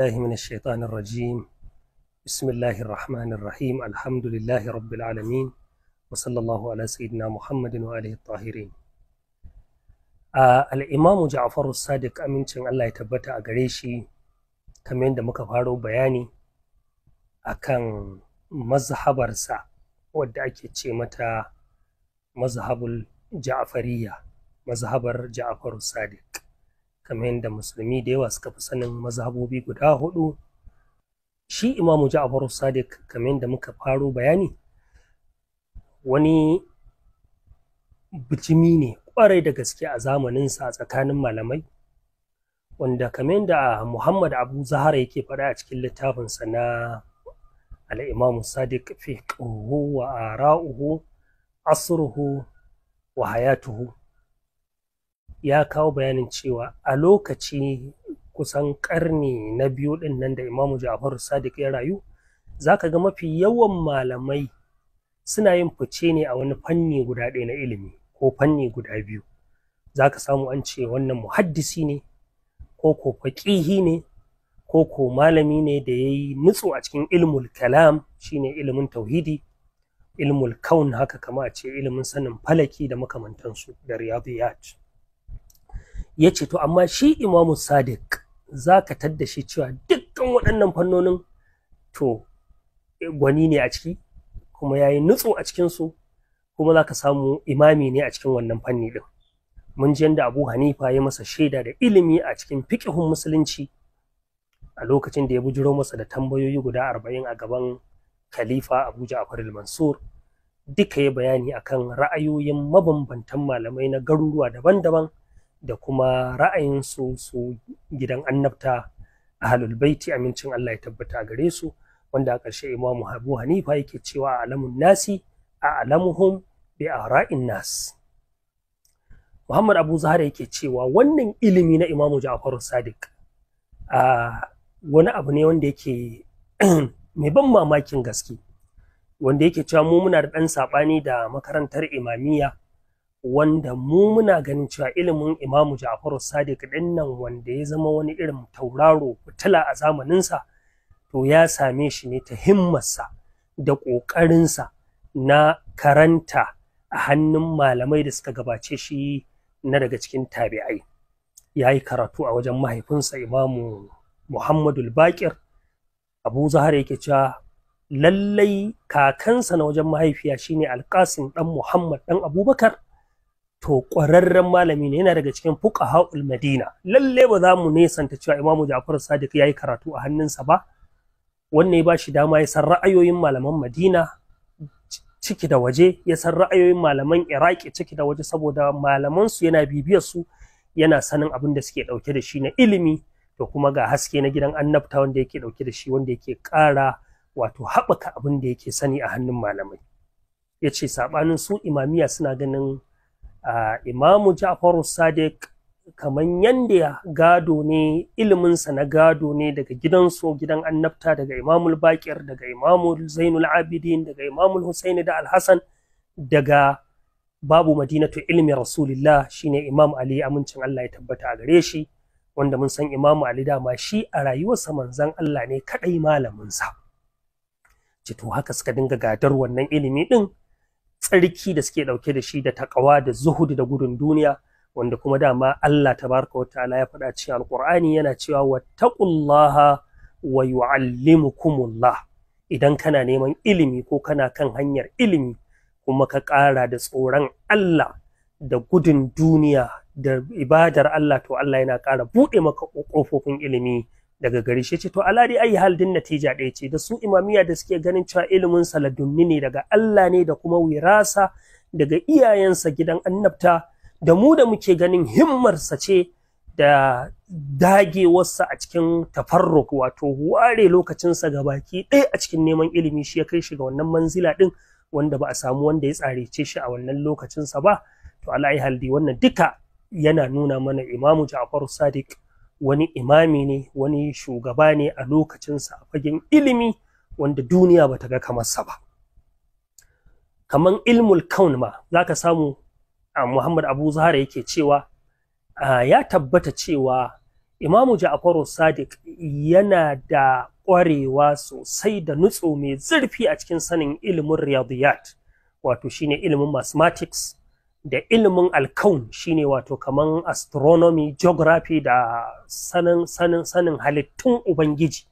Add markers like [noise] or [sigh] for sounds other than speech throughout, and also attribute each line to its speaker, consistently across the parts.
Speaker 1: الله من الشيطان الرجيم بسم الله الرحمن الرحيم الحمد لله رب العالمين وصلى الله على سيدنا محمد وآله الطاهرين الإمام جعفر الصادق أمين شن الله يتبتع أغريشي كمين دمك فارو بياني أكان مذهب رسا ودعك متى مذهب الجعفرية مذهب جعفر الصادق kamar yadda musulmi da yawa suka fi sanin mazhabobi guda hudu shi imamu ja'faru sadiq kamar yadda muka faro bayani wani bijimi ne kwarai da gaske a zamaninsa a tsakanin malamai wanda kamar yadda muhammad abu zahara yake faɗa a cikin littafinsa na al'imamu sadiq fi wa ara'uhu asruhu wa hayatuhu ya kawo bayanin cewa a lokaci kusan karni na biyu din nan da imamu ja'faru sadiq ya rayu zaka ga mafi yawan malamai suna yin fice ne a wani fanni guda ɗaya na ilimi ko fanni guda biyu zaka samu an ce wannan muhaddisi ne ko ko faƙihi ne ko ko malami ne da ya yi nutsu a cikin ilmul kalam shine ilimin tauhidi ilmul kaun haka kama a ce ilimin sanin falaki da makamantansu da riyadiyat ya ce to amma shi imamu sadiq za ka tadda shi cewa dukkan waɗannan fannonin to eh, gwani ne a ciki kuma ya yi nutsu a cikinsu kuma za ka samu imami ne a cikin wannan fanni ɗin mun ji yadda abu hanifa ya masa shaida da ilimi a cikin fiƙihun musulunci a lokacin da ya bujiro masa da tambayoyi guda arba'in a gaban khalifa abuja ja'far mansur duka ya bayani akan ra'ayoyin mabambantan malamai na garuruwa daban-daban da kuma ra'ayin su su gidan annabta a halul baiti amincin Allah ya tabbata gare su wanda a ƙarshe imamu Abu Hanifa yake cewa a alamun nasi a alamuhum bi Ra'in nas Muhammad Abu zahara yake cewa wannan ilimi na imamu ja'afar Sadiq a wani abu ne wanda yake [clears throat] mai ban mamakin gaske wanda yake cewa mu muna da ɗan saɓani da makarantar imamiyya wanda mu muna ganin cewa ilimin imamu ja'faru sadiq din nan wanda ya zama wani irin tauraro fitila a zamaninsa to ya same shi ne ta himmarsa da ƙoƙarinsa na karanta a hannun malamai da suka gabace shi na daga cikin tabi'ai ya yi karatu a wajen mahaifinsa imamu Muhammadu bakir abu zahar yake cewa lallai kakansa na wajen mahaifiya shine alkasin dan muhammad dan abubakar to ƙwararren malami ne yana daga cikin ha'ul madina lalle ba za mu nesanta cewa imamu ja'far sadiq ya yi karatu a hannunsa ba wannan ya ba shi dama ya san ra'ayoyin malaman madina ciki da waje ya san ra'ayoyin malaman iraki ciki da waje saboda malaman su yana bibiyar su yana sanin abin da suke dauke da shi na ilimi to kuma ga haske na gidan annabta wanda yake dauke da shi wanda yake ƙara wato haɓaka abin da yake sani a hannun malamai ya ce saɓanin su imamiya suna ganin imamu ja'faru sadiq kamar yadda ya gado ne iliminsa na gado ne daga gidansu gidan annabta daga imamul baƙir daga imamul zainul abidin daga imamul husaini da alhassan daga babu madinatu ilmi rasulillah shine imam ali amincin allah ya tabbata a gare shi wanda mun san imamu ali dama shi a rayuwarsa manzan allah ne kaɗai malaminsa cito haka suka dinga gadar wannan ilimi ɗin tsarki da suke ɗauke da shi da taƙawa da zuhudi da gudun duniya wanda kuma dama Allah tabaraka wa ta'ala ya faɗa cikin alƙur'ani yana cewa wattaqullaha wa yu'allimukumullah idan kana neman ilimi ko kana kan hanyar ilimi kuma ka ƙara da tsoron Allah da gudun duniya da ibadar Allah to Allah yana ƙara buɗe maka ƙofofin ilimi daga gari shi ce to alari ayi hal din natija ɗaya ce da su imamiya da suke ganin cewa ilimin saladunni ne daga Allah ne da kuma wirasa daga iyayensa gidan annabta da mu da muke ganin himmarsa ce da dagewarsa a cikin tafarruk wato ware lokacinsa ga baki ɗaya a cikin neman ilimi shi ya kai shi ga wannan manzila ɗin wanda ba a samu wanda ya tsarece shi a wannan lokacinsa ba to alai haldi wannan duka yana nuna mana imamu ja'far sadiq wani imami ne wani shugaba ne a lokacinsa a fagen ilimi wanda duniya ba ta ga kamarsa ba Kamar ilmul kaun ma za ka samu a muhammad abu zahara yake cewa ya tabbata cewa imamu ja'faru sadiq yana da ƙwarewa sosai da nutso mai zurfi a cikin sanin ilimin riyadiyat wato shine ilimin mathematics da ilimin alkaun shine wato kaman astronomy geography da sanin sanin sanin halittun ubangiji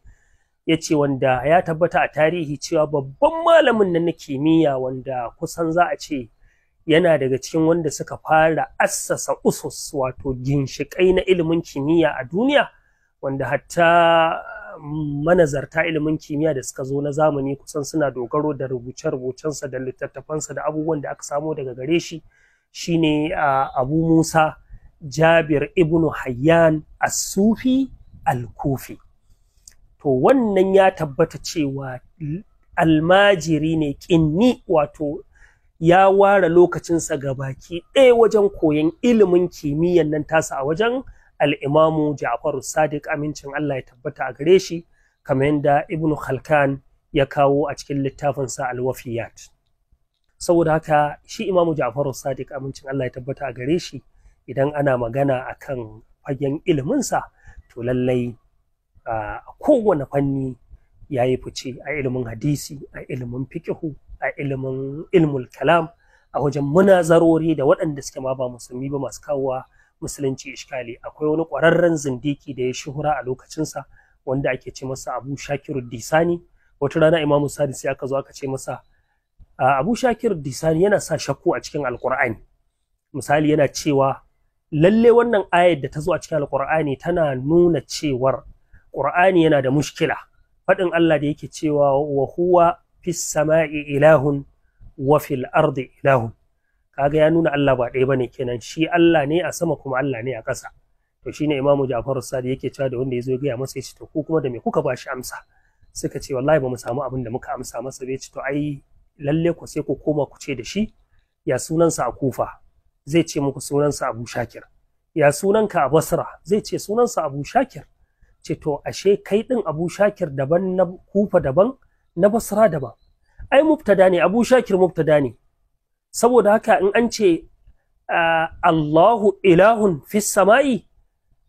Speaker 1: ya ce wanda ya tabbata a tarihi cewa babban malamin na na kimiyya wanda kusan za a ce yana daga cikin wanda suka fara assasa usus wato ginshiƙai na ilimin kimiyya a duniya wanda hatta mm, manazarta ilimin kimiyya da suka zo na zamani kusan suna dogaro da rubuce-rubucensa da littattafansa da abubuwan da aka samo daga gare shi shine abu musa jabir ibnu hayyan as-sufi al-kufi to wannan ya tabbata cewa almajiri ne kinni wato ya ware lokacinsa ga baki ɗaya wajen koyon ilimin kimiyyan nan tasa a wajen al'imamu ja'faru sadiq amincin allah ya tabbata a gare shi kamar yadda ibnu khalkan ya kawo a cikin littafinsa Al-Wafiyat. saboda haka shi imamu ja'faru sadiq amincin Allah ya tabbata a gare shi idan ana magana akan fagen iliminsa to lallai a kowane fanni ya yi fice a ilimin hadisi a ilimin fikihu a ilimin ilmul kalam a wajen munazarori da waɗanda suke ma ba musulmi ba masu kawowa musulunci iskali akwai wani ƙwararren zindiki da ya shuhura a lokacinsa wanda ake ce masa abu shakiru disani wata rana imamu sadis ya ka zo aka ce masa Abu Shakir Disani yana sa shakku a cikin Alƙur'ani misali yana cewa lalle wannan ayar da ta zo a cikin Alƙur'ani tana nuna cewar Ƙur'ani yana da mushkila faɗin Allah da yake cewa wa huwa fis sama'i ilahun wa fil ardi ilahun kaga ya nuna Allah ba ɗaya bane kenan shi Allah ne a sama kuma Allah ne a ƙasa to shine Imamu Ja'far Sadi yake cewa da wanda ya zo masa ya ce to ku kuma da me kuka ba shi amsa suka ce wallahi ba mu samu abin da muka amsa masa bai ce to ai lalle ku sai ku koma ku ce da shi ya sunansa a kufa zai ce muku sunansa abu shakir ya sunanka a basra zai ce sunansa abu shakir ce to ashe kai din abu shakir daban na kufa daban na basra daban ai mubtada ne abu shakir mubtada ne saboda haka in an ce Allahu ilahun fis sama'i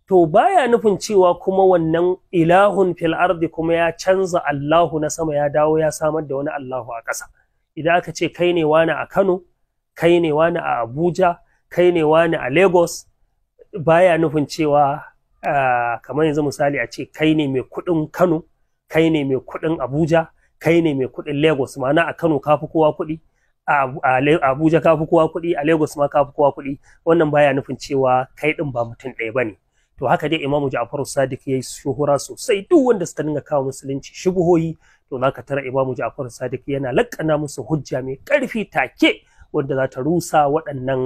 Speaker 1: to baya nufin cewa kuma wannan ilahun fil ardi kuma ya canza Allahu na sama ya dawo ya samar da wani Allahu a ƙasa idan aka ce kai ne wani a Kano kai ne wani a Abuja kai ne wani a Lagos baya nufin cewa kamar yanzu misali a ce kai ne mai kuɗin Kano kai ne mai kuɗin Abuja kai ne mai kuɗin Lagos ma'ana a Kano kafi kowa kuɗi a Abuja kafi kowa kuɗi a Lagos ma kafi kowa kuɗi wannan baya nufin cewa kai ɗin ba mutum ɗaya ba ne. to haka dai Imamu Ja'faru Sadiq yayi shuhura sosai duk wanda suka dinga kawo musulunci shubuhoyi to zaka tara imamu ja'far sadiq yana lakkana musu hujja mai karfi take wanda za ta rusa waɗannan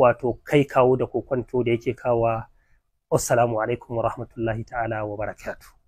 Speaker 1: wato kai kawo da kokwanto da yake kawa assalamu alaikum wa rahmatullahi ta'ala wa barakatuh